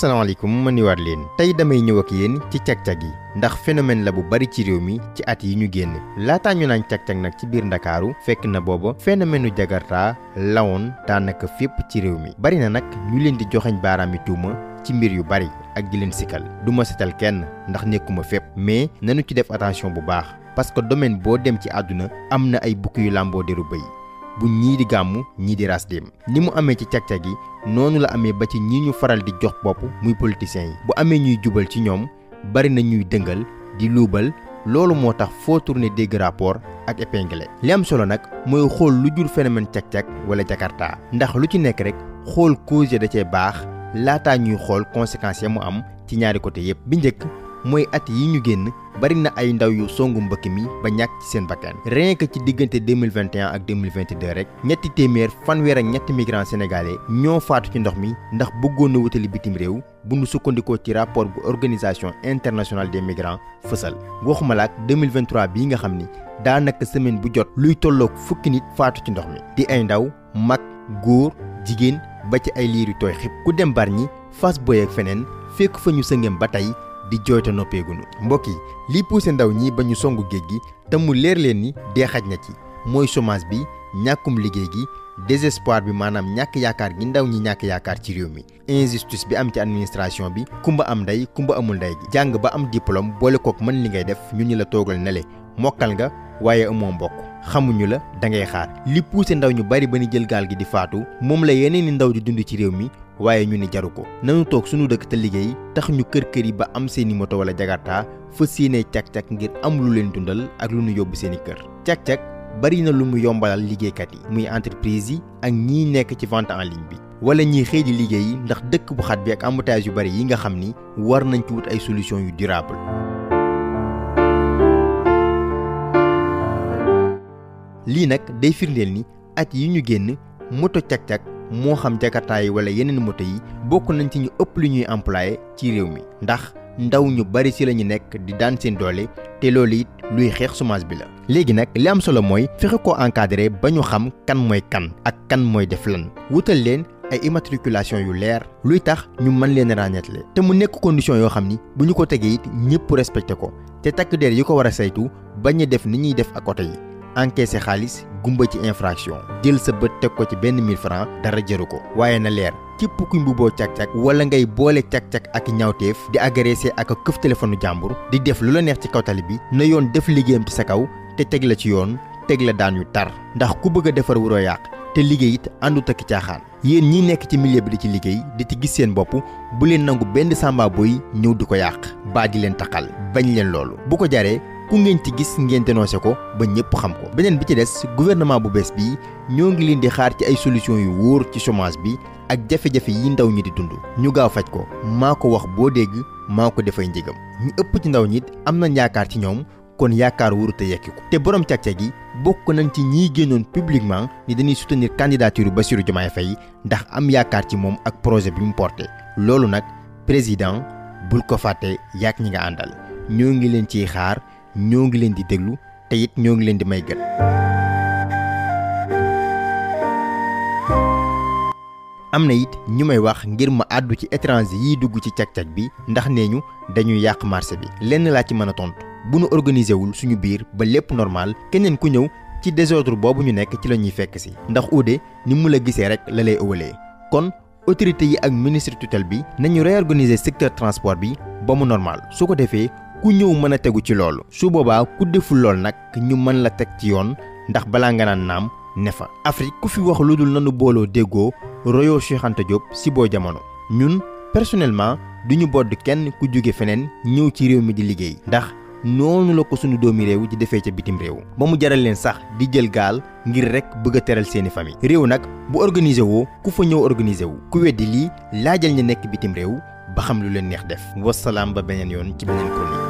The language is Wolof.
asalaamaaleykum ma nuyuwaat leen tey damay ñëw ak yéen ci cag-cag yi ndax phénomène la bu bari ci réew mi ci at yi ñu génn laataa ñu naan cag-cag nag ci biir ndakaaru fekk na booba phénomène u jagartaa lawoon daanaka fépp ci réew mi bari na nag ñu leen di joxeñ baaraami tuuma ci mbir yu bari ak di leen sikkal du ma setal kenn ndax nekkuma fépp mais nanu ci def attention bu baax parce que domaine boo dem ci àdduna am na ay bukki yu làmboo deru bëy bu ñii di gàmmu ñii di rasdim ni mu amee ci cag-cag yi noonu la amee ba ci ñi ñu faral di jox bopp muy politiciens yi bu amee ñuy jubal ci ñoom bari na ñuy dëngal di luubal loolu moo tax foo tourné dégg rapport ak épinglé li am solo nag mooy xool lu jur phénomène cag-cag wala jakarta ndax lu ci nekk rek xool cause da cee baax laataa ñuy xool conséquences ya mu am ci ñaari côté yépp bi njëkk mooy at yi ñu génn bari na ay ndaw yu songu mbëkk mi ba ñàkk ci seen bakkan rien que ci diggante 2021 ak 2022 rek ñetti téeméer fanweer ñetti migrants sénégalais ñoo faatu ci ndox mi ndax bëggoon na wutali bitim réew bu nu sukkandikoo ci rapport bu organisation internationale des migrants fësal waxuma la ak 2023 bii nga xam ni daanaka semaine bu jot luy tolloog fukki nit faatu ci ndox mi di ay ndaw mag góor jigéen ba ci ay liir yu tooy xib ku dem Bargny Fass Boye ak feneen fekk fa ñu ba tey di jooyte noppeeguñu mbokk yi lii ndaw ñii ba ñu songu géej gi te mu leer leen ni dee xaj na ci mooy chômage bi ñàkkum liggéey gi désespoir bi maanaam ñàkk yaakaar gi ndaw ñi ñàkk yaakaar ci réew mi injustice bi am ci administration bi kumba am ndey kumba amul ndey gi jàng ba am diplôme boole kook man li ngay def ñu ñu la toogal nele mokkal nga waaye amoo mbokk xamuñu la da ngay xaar li poussé ndaw ñu bari ba ni jël gaal gi di faatu moom la yeneen ni ndaw di dund ci réew mi waaye ñu ni jaru ko nanu toog suñu dëkk te liggéey tax ñu kër kër yi ba am seeni moto walla jagarta fas yéene càq-càq ngir am lu leen dundal ak lu ñu yóbbu seeni kër càq-càq bari na lu mu yombalal liggéeykat yi muy entreprise yi ak ñiy nekk ci vente en ligne bi wala ñiy xëy liggéey ndax dëkk bu xat bi ak yu bari yi nga xam ni war nañ ci wut ay solution yu durable lii nag day ni at yi ñu génn moto càq moo xam jakartaay wala yeneen moto yi bokk nañ ci ñu ëpp lu ñuy employé ci réew mi ndax ndaw ñu bari si la ñu nekk di daan seen doole te loolu it luy xeex chômage bi la. léegi nag li am solo mooy fexe ko encadré ba ñu xam kan mooy kan ak kan mooy def lan wutal leen ay immatriculation yu leer luy tax ñu mën leen ràññeetle te mu nekk condition yoo xam ni bu ñu ko tegee it ñëpp respecté ko te takk der yi ko war a saytu bañ a def ni ñuy def ak oto yi. encaissé xaalis gumba ci infraction jël sa bët teg ko ci benn 1000 francs dara jëru ko waaye na leer képp kuy mbuboo càq-càq wala ngay boole càq-càq ak ñaawteef di agressé ak këf téléphone jàmbur di def lu la neex ci kaw tali bi na yoon def liggéeyam ci sa kaw te teg la ci yoon teg la daan yu tar ndax ku bëgg a defar wuroo yàq te liggéey it àndu takki caaxaan yéen ñi nekk ci milieu bi di ci liggéey di ci gis seen bopp bu leen nangu benn sàmba boy ñëw di ko yàq baa di leen taqal bañ leen loolu bu ko jaree ku ngeen ci gis ngeen dénoncé ko ba ñëpp xam ko beneen bi ci des gouvernement bu bees bii ñoo ngi leen di xaar ci ay solution yu wóor ci chômage bi ak jafe-jafe yi ndaw ñi di dund ñu gaaw faj ko maa ko wax boo dégg maa ko defay njégam ñu ëpp ci ndaw ñit am na yaakaar ci ñoom kon yaakaar wóorut a yekki ko te borom càq-càq yi bokk nañ ci ñiy génnoon publiquement ni dañuy soutenir candidature Bassirou Diomaye fay ndax am yaakaar ci moom ak projet bi mu porté loolu nag président bul ko fàtte yaak ñi nga àndal ngi leen ciy xaar ñoo ngi leen di déglu te it ñoo ngi leen di may gën am na it ñu may wax ngir ma àddu ci étranger yiy dugg ci cag-cag bi ndax nee ñu dañuy yàq marché bi lenn laa ci mën a tontu bu nu organisé wul suñu biir ba lépp normal keneen ku ñëw ci désordre boobu ñu nekk ci la ñuy fekk si ndax uude ni mu la gisee rek la lay kon autorité yi ak ministre tutelle bi nañu réorganiser secteur transport bi ba mu normal su ko defee ku ñëw mën a tegu ci loolu su boobaa ku deful loolu nag ñu mën la teg ci yoon ndax balaa nga naan naam ne fa Afrique ku fi wax lu dul nanu booloo déggoo royoo Cheikh jóg si boo jamono ñun personnellement du ñu bodd kenn ku jóge feneen ñëw ci réew mi di liggéey ndax noonu la ko sunu doomi réew di defee ca bitim réew ba mu jaral leen sax di jël gaal ngir rek bëgg a teral seeni famille réew nag bu organiser woo ku fa ñëw organiser wu ku weddi lii laajal ñu nekk bitim réew ba xam lu leen neex def wasalaam ba beneen yoon ci beneen